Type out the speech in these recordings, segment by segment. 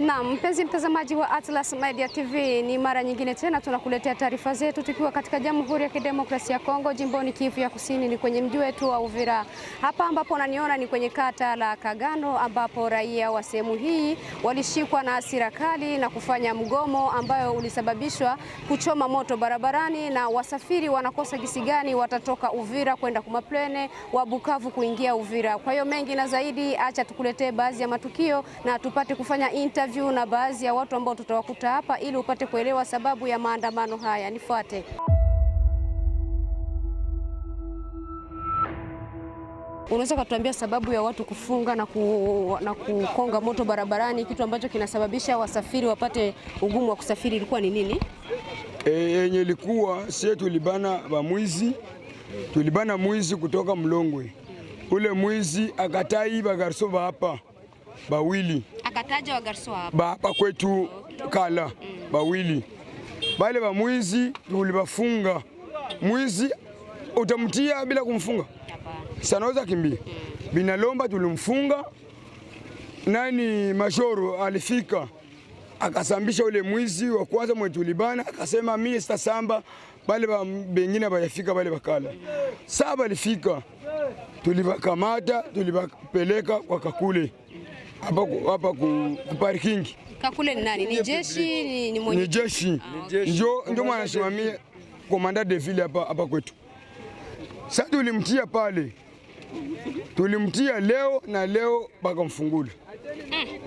Na mpenzi mtazamaji wa Atlas Media TV, ni mara nyingine tena tunakuletea taarifa zetu tukiwa katika Jamhuri ya Kidemokrasia ya Kongo, jimboni Kivu ya Kusini, ni kwenye mji wetu wa Uvira. Hapa ambapo naniona ni kwenye kata la Kagano, ambapo raia wa sehemu hii walishikwa na hasira kali na kufanya mgomo ambayo ulisababishwa kuchoma moto barabarani, na wasafiri wanakosa gisi gani watatoka Uvira kwenda Kumaplene, wa Bukavu kuingia Uvira. Kwa hiyo mengi na zaidi, acha tukuletee baadhi ya matukio na tupate kufanya interview interview na baadhi ya watu ambao tutawakuta hapa ili upate kuelewa sababu ya maandamano haya. Nifuate. Unaweza kutuambia sababu ya watu kufunga na, ku, na kukonga moto barabarani, kitu ambacho kinasababisha wasafiri wapate ugumu wa kusafiri ilikuwa ni nini? E, yenye ilikuwa sie tulibana bamwizi, tulibana mwizi kutoka Mlongwe. Ule mwizi akatai bagarso ba hapa bawili bakataja wagarso hapa kwetu kala mm. bawili bale ba mwizi ulibafunga. Mwizi utamtia bila kumfunga sanaweza kimbia mm. Binalomba tulimfunga nani, Mashoro alifika akasambisha ule mwizi wa kwanza mwe tulibana, akasema mie sitasamba bale bengine bayafika bale bakala saba alifika, tulibakamata tulibapeleka kwa kakule hapa hapa kuparkingi. Kakule ni nani? Ni jeshi ni, ni mwenye ah, jeshi ndio ndio simamia komanda de ville hapa hapa kwetu. Sasa tulimtia pale, tulimtia leo na leo bakamfungula eh. Mm.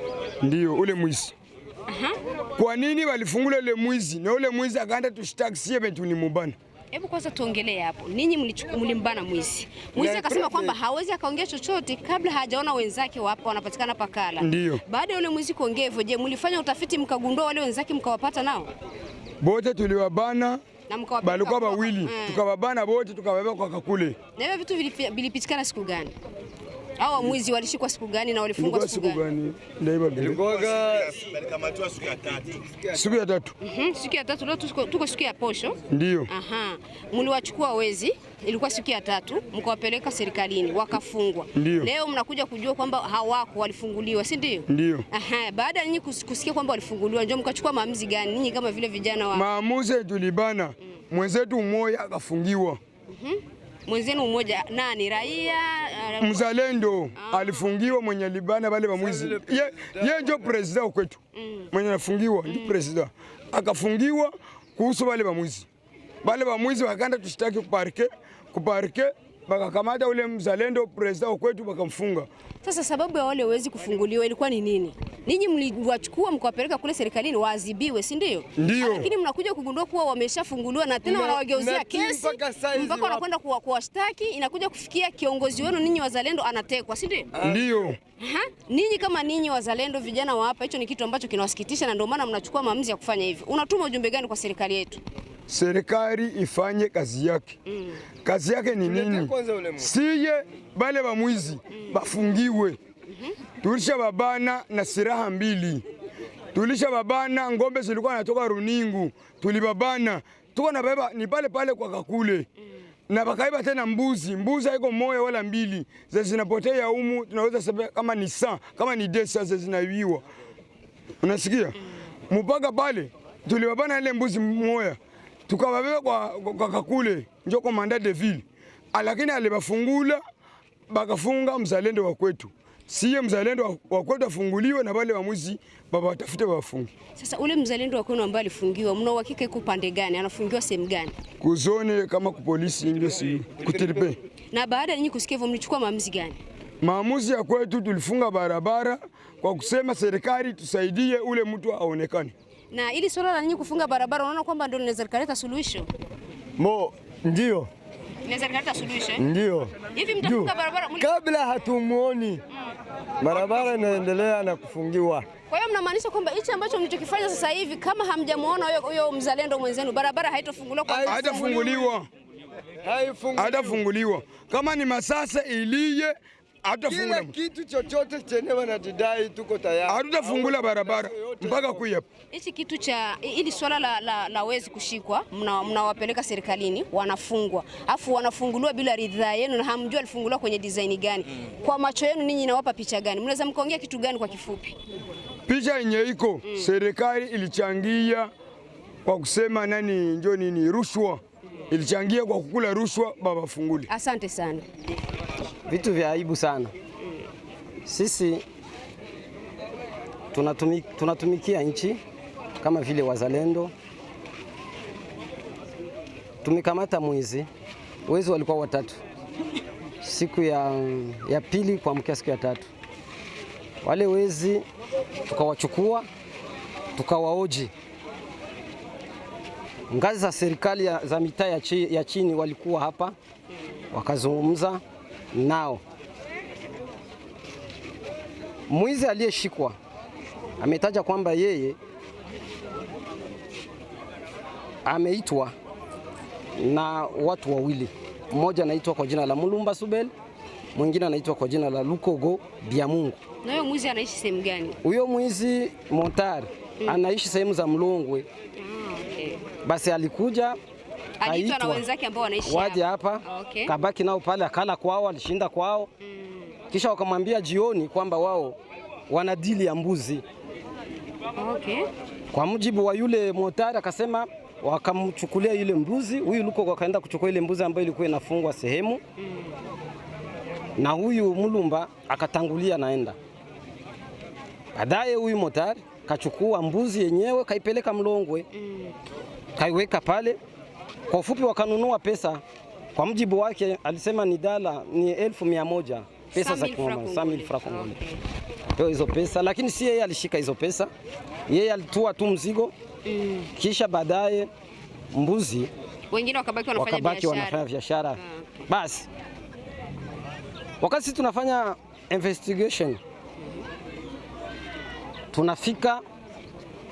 Ndio ule mwizi uh Kwa nini walifungula ule mwizi? Na ule mwizi akaenda tushtakisie betu ni mubana Hebu kwanza tuongelee hapo, ninyi mlimbana mwizi. Mwizi akasema kwamba hawezi akaongea chochote kabla hajaona wenzake wapo wanapatikana Pakala. Ndio. Baada ya yule mwizi kuongea hivyo, je, mlifanya utafiti mkagundua wale wenzake mkawapata nao? Bote tuliwabana walikuwa wawili eh. tukawabana bote tukawabeba kwa kakule. Na hivyo vitu vilipitikana siku gani? Hao mwizi walishikwa siku gani na walifungwa siku gani? Siku ya tatu. Mhm, siku ya tatu. Leo tuko siku ya posho. Ndio. Aha. Mliwachukua wezi, ilikuwa siku ya tatu, mkawapeleka serikalini wakafungwa. Leo mnakuja kujua kwamba hawako, walifunguliwa, si ndio? Ndio. Aha, baada ya nyinyi kusikia kwamba walifunguliwa, ndio mkachukua maamuzi gani nyinyi kama vile vijana wa? Maamuzi tulibana. Mm. Mwenzetu mmoja akafungiwa. Mhm. Mm mwenzenu mmoja nani raia uh, mzalendo ah. Alifungiwa mwenye libana wale wamwizi ye, ye njo president kwetu mm. Mwenye afungiwa ndio mm. President akafungiwa kuhusu wale wamwizi wale wamwizi wakanda tushtaki kuparke kuparke bakakamata ule mzalendo president kwetu bakamfunga. Sasa sababu ya wale wezi kufunguliwa ilikuwa ni nini? Ninyi mliwachukua mkawapeleka kule serikalini waadhibiwe, si ndio? Ndio. Lakini mnakuja kugundua kuwa wameshafunguliwa na tena wanawageuzia kesi mpaka wanakwenda kuwashtaki, inakuja kufikia kiongozi wenu ninyi wazalendo anatekwa, si ndio? Ah. Ndio. Ninyi kama ninyi wazalendo vijana wa hapa, hicho ni kitu ambacho kinawasikitisha na ndio maana mnachukua maamuzi ya kufanya hivyo. Unatuma ujumbe gani kwa serikali yetu? Serikali ifanye kazi yake. Mm. Kazi yake ni nini? Siye bale bamwizi mm. bafungiwe tulisha babana na silaha mbili, tulisha babana, ngombe zilikuwa natoka Runingu, tulibabana tuko na baba ni pale pale kwa kakule na bakaiba tena mbuzi mbuzi, haiko moya wala mbili, zile zinapotea humu. Tunaweza sema kama ni saa kama ni desa zile zinaiwiwa, unasikia mpaka pale tulibabana ile mbuzi moya, tukababeba kwa, kwa kakule njoko manda de ville, lakini alibafungula bakafunga mzalendo wa kwetu siye mzalendo wa kwetu afunguliwe na wale waamuzi baba watafute wafungi. Sasa ule mzalendo wa kwenu ambaye alifungiwa, mna uhakika iko pande gani? Anafungiwa sehemu gani? Kuzone kama kupolisi ndio si kutiripe. Na baada ya nyinyi kusikia hivyo, mlichukua maamuzi gani? Maamuzi ya kwetu tulifunga barabara kwa kusema serikali tusaidie ule mtu aonekane. Na ili swala la nyinyi kufunga barabara, unaona kwamba ndio linaweza kuleta suluhisho? Mo, ndio. Linaweza likaleta suluhisho? Eh? Ndio. Hivi mtafunga barabara kabla hatumuoni. Mm barabara inaendelea na kufungiwa. Kwa hiyo mnamaanisha kwamba hichi ambacho mlichokifanya sasa hivi, kama hamjamwona huyo mzalendo mwenzenu, barabara haitofunguliwa kwa haitafunguliwa, haitafunguliwa kama ni Masasa iliye hatutafungula kitu chochote chenye wanatidai, tuko tayari, hatutafungula barabara mpaka kuya hichi kitu cha ili swala la, la, la wezi kushikwa, mnawapeleka mna serikalini, wanafungwa afu wanafunguliwa bila ridhaa yenu, na hamjua alifunguliwa kwenye design gani? mm. kwa macho yenu ninyi nawapa picha gani? mnaweza mkaongea kitu gani kwa kifupi? picha yenye iko mm. serikali ilichangia kwa kusema nani njo nini rushwa, ilichangia kwa kukula rushwa, baba funguli. Asante sana vitu vya aibu sana. Sisi tunatumik, tunatumikia nchi kama vile wazalendo. Tumekamata mwizi, wezi walikuwa watatu, siku ya, ya pili kuamkia siku ya tatu, wale wezi tukawachukua tukawaoji ngazi za serikali za mitaa ya chini walikuwa hapa wakazungumza, nao. Mwizi aliyeshikwa ametaja kwamba yeye ameitwa na watu wawili, mmoja anaitwa kwa jina la Mulumba Subel, mwingine anaitwa kwa jina la Lukogo Mungu. Na huyo mwizi anaishi sehemu gani? Huyo mwizi Montari mm. anaishi sehemu za Mlongwe. Ah, okay. Basi alikuja Aliitwa na wenzake ambao wanaishi waje hapa okay. Kabaki nao pale akala kwao, alishinda kwao mm. Kisha wakamwambia jioni kwamba wao wana dili ya mbuzi okay. Kwa mujibu wa yule motari akasema wakamchukulia yule mbuzi huyu Luko akaenda kuchukua ile mbuzi ambayo ilikuwa inafungwa sehemu mm. Na huyu Mulumba akatangulia naenda. Baadaye huyu motari kachukua mbuzi yenyewe kaipeleka Mlongwe mm. Kaiweka pale kwa ufupi, wakanunua pesa kwa mjibu wake alisema ni dala ni elfu mia moja pesa za Kongo. pewa hizo pesa, lakini si yeye alishika hizo pesa, yeye alitua tu mzigo mm. Kisha baadaye mbuzi wengine wakabaki wanafanya wakabaki wanafanya biashara. mm. Basi wakati tunafanya investigation tunafika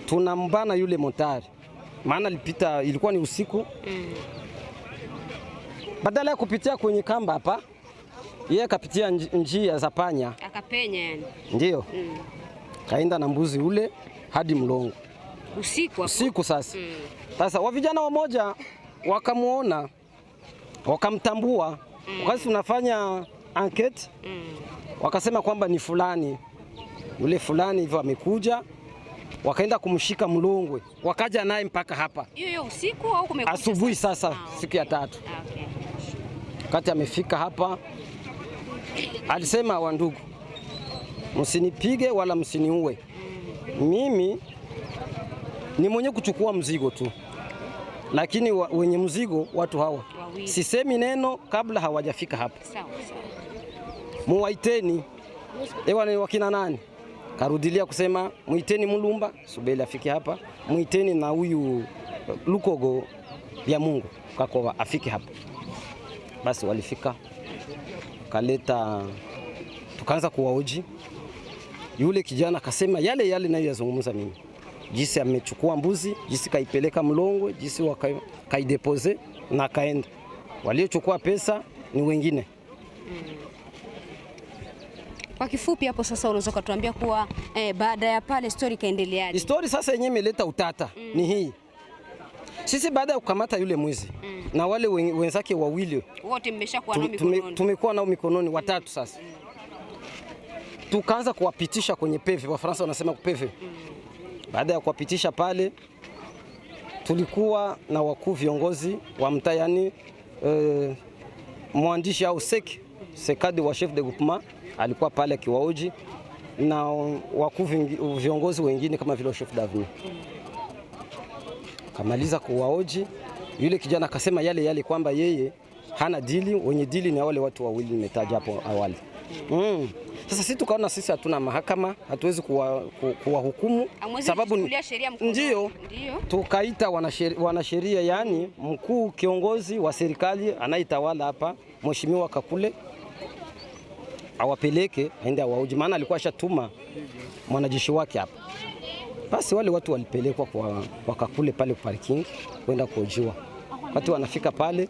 tunambana yule motari maana lipita ilikuwa ni usiku mm. Badala ya kupitia kwenye kamba hapa, yeye akapitia njia za panya, akapenya yani, ndiyo mm. Kaenda na mbuzi ule hadi Mlongo usiku, usiku sasa mm. Sasa wa vijana wamoja wakamwona wakamtambua mm. Wakati tunafanya anketi mm. Wakasema kwamba ni fulani yule fulani hivyo amekuja wakaenda kumshika mlongwe, wakaja naye mpaka hapa asubuhi. Sasa ah, okay. siku ya tatu ah, okay. wakati amefika hapa alisema, wandugu, msinipige wala msiniue, mimi ni mwenye kuchukua mzigo tu, lakini wa, wenye mzigo watu hawa Wawili. sisemi neno kabla hawajafika hapa, muwaiteni ewa, ni wakina nani? karudilia kusema mwiteni Mulumba Subeli afike hapa, mwiteni na huyu uh, Lukogo ya Mungu kako afike hapa. Basi walifika kaleta, tukaanza kuwaoji. Yule kijana akasema yale yale nayo yazungumza mimi, jisi amechukua mbuzi, jisi kaipeleka Mlongwe, jisi wakaidepoze na kaenda. Waliochukua pesa ni wengine kwa kifupi hapo sasa unaweza kutuambia kuwa eh, baada ya pale story kaendeleaje? Story sasa yenyewe imeleta utata mm. Ni hii sisi baada ya kukamata yule mwizi mm. na wale wenzake wawili wote mmeshakuwa nao mikononi, tumekuwa nao mikononi mm. watatu sasa mm. tukaanza kuwapitisha kwenye peve, Faransa wanasema kupeve. mm. baada ya kuwapitisha pale tulikuwa na wakuu viongozi wa mtaa yani, eh, mwandishi au sek sekadi wa chef de groupement alikuwa pale Kiwauji na wakuu viongozi wengine kama vile Chef Davini. Kamaliza kuwaoji, yule kijana akasema yale yale kwamba yeye hana dili, wenye dili ni wale watu wawili nimetaja hapo awali. Mm. Sasa sisi tukaona sisi hatuna mahakama, hatuwezi kuwahukumu kuwa sababu ndio tukaita wanasheria, sheria yani mkuu kiongozi wa serikali anayetawala hapa Mheshimiwa Kakule awapeleke aende awauji, maana alikuwa ashatuma mwanajeshi wake hapa. Basi wale watu walipelekwa kwa wakakule pale parking kwenda kuojiwa. wakati wanafika pale,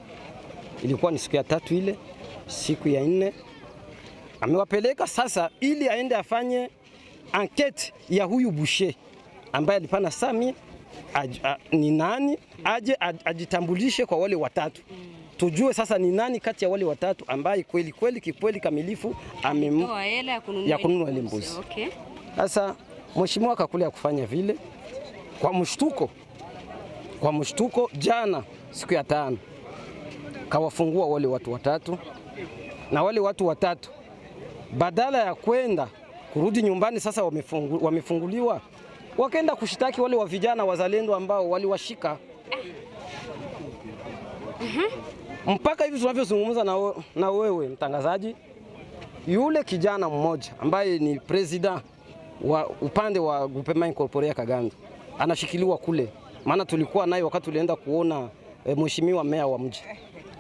ilikuwa ni siku ya tatu ile, siku ya nne amewapeleka sasa, ili aende afanye ankete ya huyu Bushe ambaye alipana Sami aj, a, ni nani aje aj, ajitambulishe kwa wale watatu tujue sasa ni nani kati ya wale watatu ambaye kweli kweli kikweli kamilifu hela ya kununua ile mbuzi sasa. Okay. Mheshimiwa kakule ya kufanya vile kwa mshtuko, kwa mshtuko, jana siku ya tano kawafungua wale watu watatu, na wale watu watatu badala ya kwenda kurudi nyumbani sasa wamefungu, wamefunguliwa wakaenda kushitaki wale wa vijana wazalendo ambao waliwashika. uh eh. -huh. Mhm mpaka hivi tunavyozungumza na, na wewe mtangazaji, yule kijana mmoja ambaye ni president wa upande wa Groupement Incorpore ya anashikiliwa kule, maana tulikuwa naye wakati tulienda kuona e, mheshimiwa meya wa mji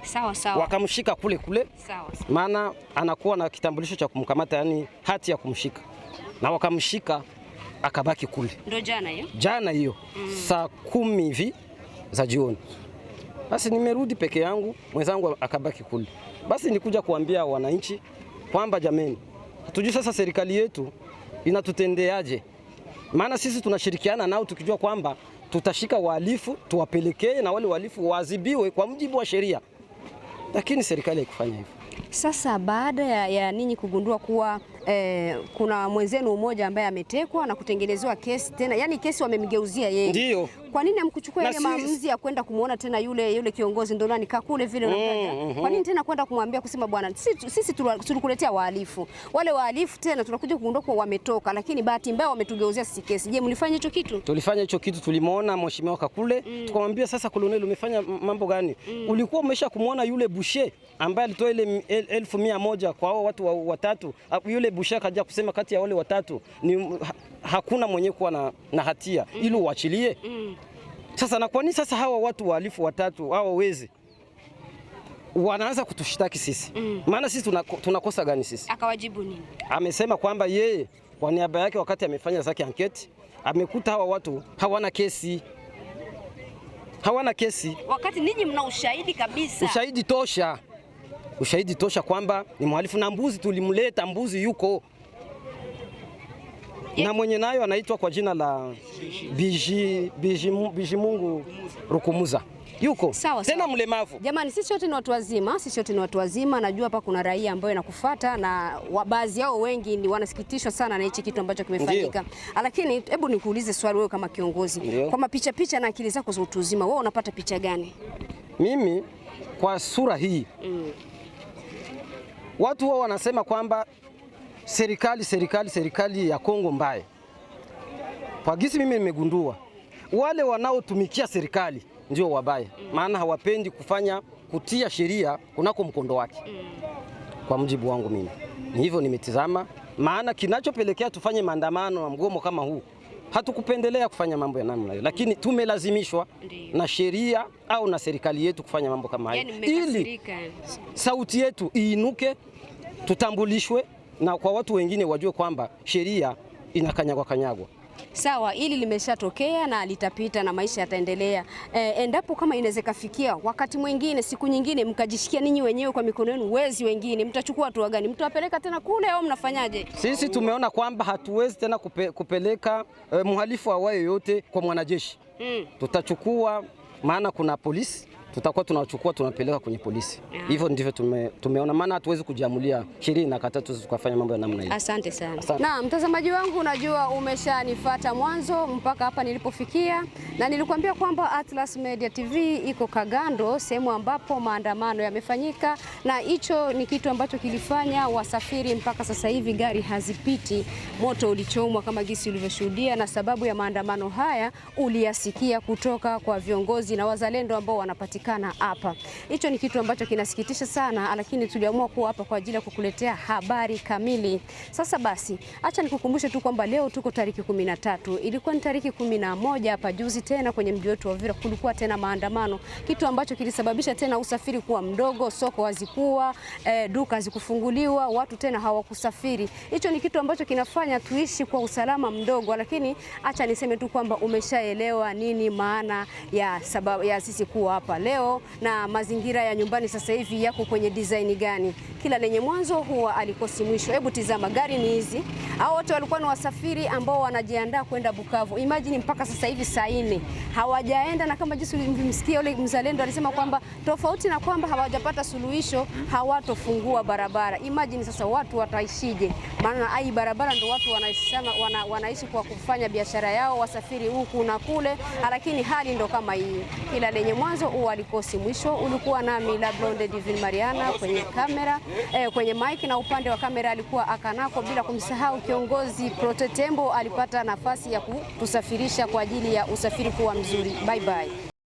sawa, sawa. Wakamshika kule kule sawa, sawa. Maana anakuwa na kitambulisho cha kumkamata, yani hati ya kumshika na wakamshika akabaki kule, ndio jana hiyo jana hiyo mm. saa kumi hivi za jioni basi nimerudi peke yangu, mwenzangu akabaki kule. Basi nikuja kuambia wananchi kwamba jameni, hatujui sasa serikali yetu inatutendeaje, maana sisi tunashirikiana nao tukijua kwamba tutashika wahalifu tuwapelekee, na wale wahalifu waadhibiwe kwa mujibu wa sheria, lakini serikali haikufanya hivyo. Sasa baada ya, ya ninyi kugundua kuwa eh, kuna mwenzenu mmoja ambaye ametekwa na kutengenezewa kesi tena, yani kesi wamemgeuzia yeye, ndio kwa nini amkuchukua ile maamuzi ya kwenda kumuona tena yule yule kiongozi Ndolani Kakule vile mm, mhm. kwa nini tena kwenda kumwambia kusema bwana, sisi, sisi tulikuletea wahalifu wale wahalifu tena tunakuja kugundua kwa wametoka, lakini bahati mbaya wametugeuzia sisi kesi. Je, mlifanya hicho kitu? Tulifanya hicho kitu, tulimuona mheshimiwa Kakule mm. Tukamwambia sasa, Koloneli, umefanya mambo gani? mm. Ulikuwa umesha kumwona yule bushe ambaye alitoa ile elfu mia moja kwa hao watu watatu. Ah, yule Bushaka kaja kusema kati ya wale watatu ni hakuna mwenye kuwa na, na hatia mm. ili uachilie mm. Sasa na kwa nini sasa hawa watu wahalifu watatu hao wezi wanaanza kutushtaki sisi mm. maana sisi tunakosa gani sisi? Akawajibu nini? Amesema kwamba yeye kwa niaba yake wakati amefanya zake anketi amekuta hawa watu hawana kesi hawana kesi, wakati ninyi mna ushahidi kabisa, ushahidi tosha ushahidi tosha kwamba ni mhalifu, na mbuzi tulimleta, mbuzi yuko na mwenye nayo anaitwa kwa jina la Biji, Biji, Biji Mungu Rukumuza yuko sawa, tena sawa. Mlemavu jamani, sisi wote ni watu wazima, sisi wote ni watu wazima. Najua hapa kuna raia ambayo inakufuata na baadhi yao wengi ni wanasikitishwa sana na hichi kitu ambacho kimefanyika, lakini hebu nikuulize swali, wewe kama kiongozi Ndiyo. kwa mapicha picha na akili zako za utu uzima, wewe unapata picha gani? Mimi kwa sura hii mm. Watu wao wanasema kwamba serikali serikali serikali ya Kongo mbaya. Kwa gisi mimi nimegundua wale wanaotumikia serikali ndio wabaya, maana hawapendi kufanya kutia sheria kunako mkondo wake. Kwa mjibu wangu mimi ni hivyo nimetizama, maana kinachopelekea tufanye maandamano na mgomo kama huu hatukupendelea kufanya mambo ya namna hiyo, lakini tumelazimishwa na sheria au na serikali yetu kufanya mambo kama hayo, yani ili sauti yetu iinuke, tutambulishwe na kwa watu wengine wajue kwamba sheria inakanyagwa kanyagwa sawa, hili limeshatokea na litapita na maisha yataendelea. E, endapo kama inaweza kafikia wakati mwingine, siku nyingine, mkajishikia ninyi wenyewe kwa mikono yenu wezi wengine, mtachukua hatua gani? Mtawapeleka tena kule au mnafanyaje? Sisi tumeona kwamba hatuwezi tena kupe, kupeleka e, mhalifu awaye yoyote kwa mwanajeshi mm. Tutachukua maana kuna polisi tutakuwa tunachukua tunapeleka kwenye polisi. Hivyo ndivyo tume, tumeona maana hatuwezi kujiamulia sheria na kata tu tukafanya mambo ya namna hiyo. Asante sana. Asante. Na mtazamaji wangu, unajua umeshanifuata mwanzo mpaka hapa nilipofikia, na nilikuambia kwamba Atlas Media TV iko Kagando, sehemu ambapo maandamano yamefanyika, na hicho ni kitu ambacho kilifanya wasafiri mpaka sasa hivi gari hazipiti. Moto ulichomwa kama gisi ulivyoshuhudia, na sababu ya maandamano haya uliyasikia kutoka kwa viongozi na wazalendo ambao wanapatikana kinapatikana hapa. Hicho ni kitu ambacho kinasikitisha sana, lakini tuliamua kuwa hapa kwa ajili ya kukuletea habari kamili. Sasa basi, acha nikukumbushe tu kwamba leo tuko tariki 13. Ilikuwa ni tariki 11 hapa juzi, tena kwenye mji wetu wa Uvira kulikuwa tena maandamano, kitu ambacho kilisababisha tena usafiri kuwa mdogo, soko hazikuwa eh, duka hazikufunguliwa, watu tena hawakusafiri. Hicho ni kitu ambacho kinafanya tuishi kwa usalama mdogo, lakini acha niseme tu kwamba umeshaelewa nini maana ya sababu ya sisi kuwa hapa. leo leo na mazingira ya nyumbani sasa hivi yako kwenye design gani? Kila lenye mwanzo huwa alikosi mwisho. Hebu tizama gari ni hizi, hao wote walikuwa ni wasafiri ambao wanajiandaa kwenda Bukavu. Imagine mpaka sasa hivi saa nne hawajaenda, na kama jinsi ulimsikia yule mzalendo alisema kwamba tofauti na kwamba hawajapata suluhisho, hawatofungua barabara. Imagine sasa watu wataishije? Maana ai barabara ndio watu wanaisema wana, wanaishi kwa kufanya biashara yao, wasafiri huku na kule, lakini hali ndo kama hii, kila lenye mwanzo huwa alikosi mwisho. Ulikuwa nami Lablonde Divin Mariana kwenye kamera eh, kwenye mike na upande wa kamera alikuwa Akanako, bila kumsahau kiongozi Protetembo alipata nafasi ya kutusafirisha kwa ajili ya usafiri kuwa mzuri. Bye bye.